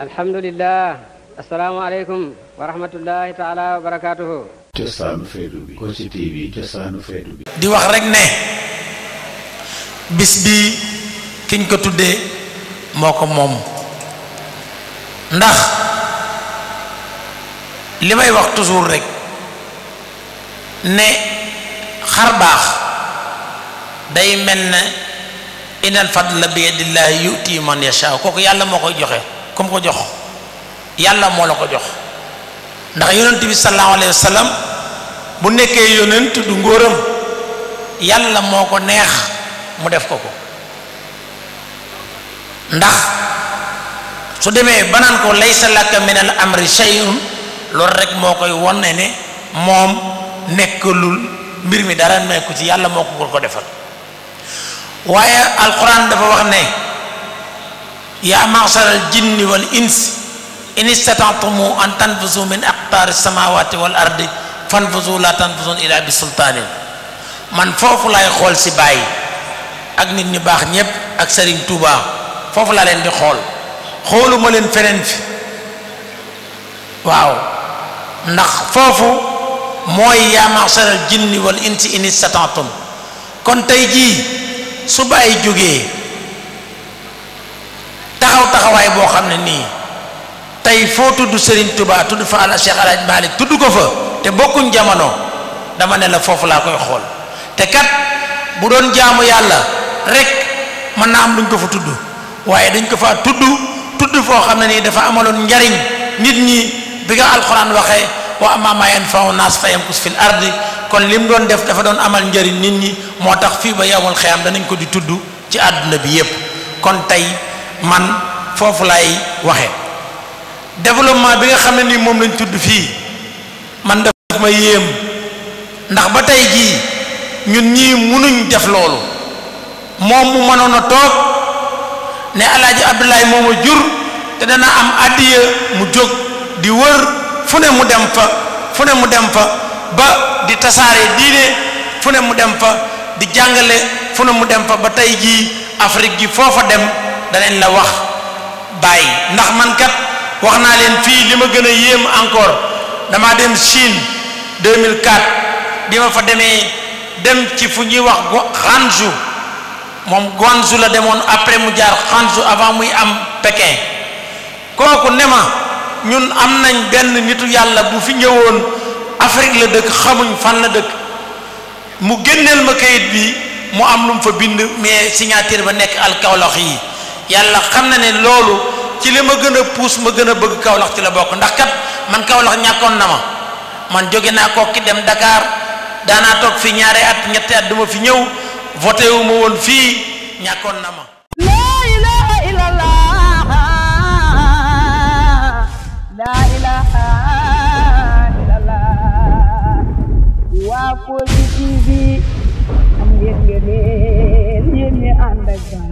الحمد لله السلام عليكم ورحمة الله تعالى وبركاته جسانو فيدو بي كوشي تي بي جسانو فيدو بي دي وخ رك بس بي كين كو تودي موكو موم نداخ لماي وخ توجور رك نه خار باخ داي ان الفضل بيد الله يؤتي من يشاء كوكو يالا مكو جوخه ku mu ko jox yàlla moo la ko jox ndax yonent bi sallallahu alayhi wa sallam bu nekkee yonent du ngóoram yàlla moo ko neex mu def ko ko ndax su demee banaan ko laysa laka min al amri shay'un loolu rek moo koy wone ne moom nekk lul mbir mi dara nekku ci yàlla moo ko ko defal waaye alquran dafa wax ne يا معشر الجن والإنس إن استطعتم أن تنفذوا من أقطار السماوات والأرض فانفذوا لا تنفذون إلا بسلطان من فوف لا يخول سي باي اك نيت ني باخ نييب اك سيرين توبا فوف لا لين دي خول خولو ما لين فنن في واو نخ فوف موي يا معشر الجن والإنس إن استطعتم كون تاي جي سو باي جوغي taxawaay boo xam ne nii tey foo tudd Serigne tubaa tudd fa ala Cheikh Alhaji Malick tudd ko fa te bokkuñ jamono dama ne la foofu laa koy xool te kat bu doon jaamu yàlla rek mën naa am luñ ko fa tudd waaye dañ ko fa tudd tudd foo xam ne nii dafa amaloon njariñ nit ñi bi nga alxuraan waxee wa ammaa maa yanfa'u naas fa yamkus fil ardi kon lim doon def dafa doon amal njariñ nit ñi moo tax fii ba yawmal xiyaam danañ ko di tudd ci àdduna bi yépp kon tey man fofu lay waxe développement bi nga xamné ni mom lañ tudd fi man daf ma yem ndax ba tay ji ñun ñi mënuñ def lolu mom mu tok né ne alaaji abdoulaye moo jur té dana am adiya mu jog di wër fune mudampa, mu dem fa fune mu dem fa ba di tasare diine fune mu dem fa di jangale fune mu dem fa ba tay ji afrique gi fofa dem danañ la wax bàyyi ndax man kat wax naa leen fii li ma gën a yéem encore damaa dem Chine 2004 bi ma fa demee dem ci fu ñuy wax Guangzhou moom Guangzhou la demoon après mu jaar Guangzhou avant muy am Pékin kooku ne ma ñun am nañ benn nitu yàlla bu fi ñëwoon Afrique la dëkk xamuñ fan la dëkk mu génneel ma kayit bi mu am lu mu fa bind mais signature ba nekk alkawlax yi yàlla xam na ne loolu ci li ma gën a ma gëna bëgg kaolax ci la bok ndax kat man kaolax ñakoon na ma man joggé na ko ki dem Dakar daanaa tok fi ñaari at ñetti at duma fi ñew voté wu ma woon fii ñàkkoon na ma Wakouli TV am ngeen ngeen ñeñ ñi ànd ak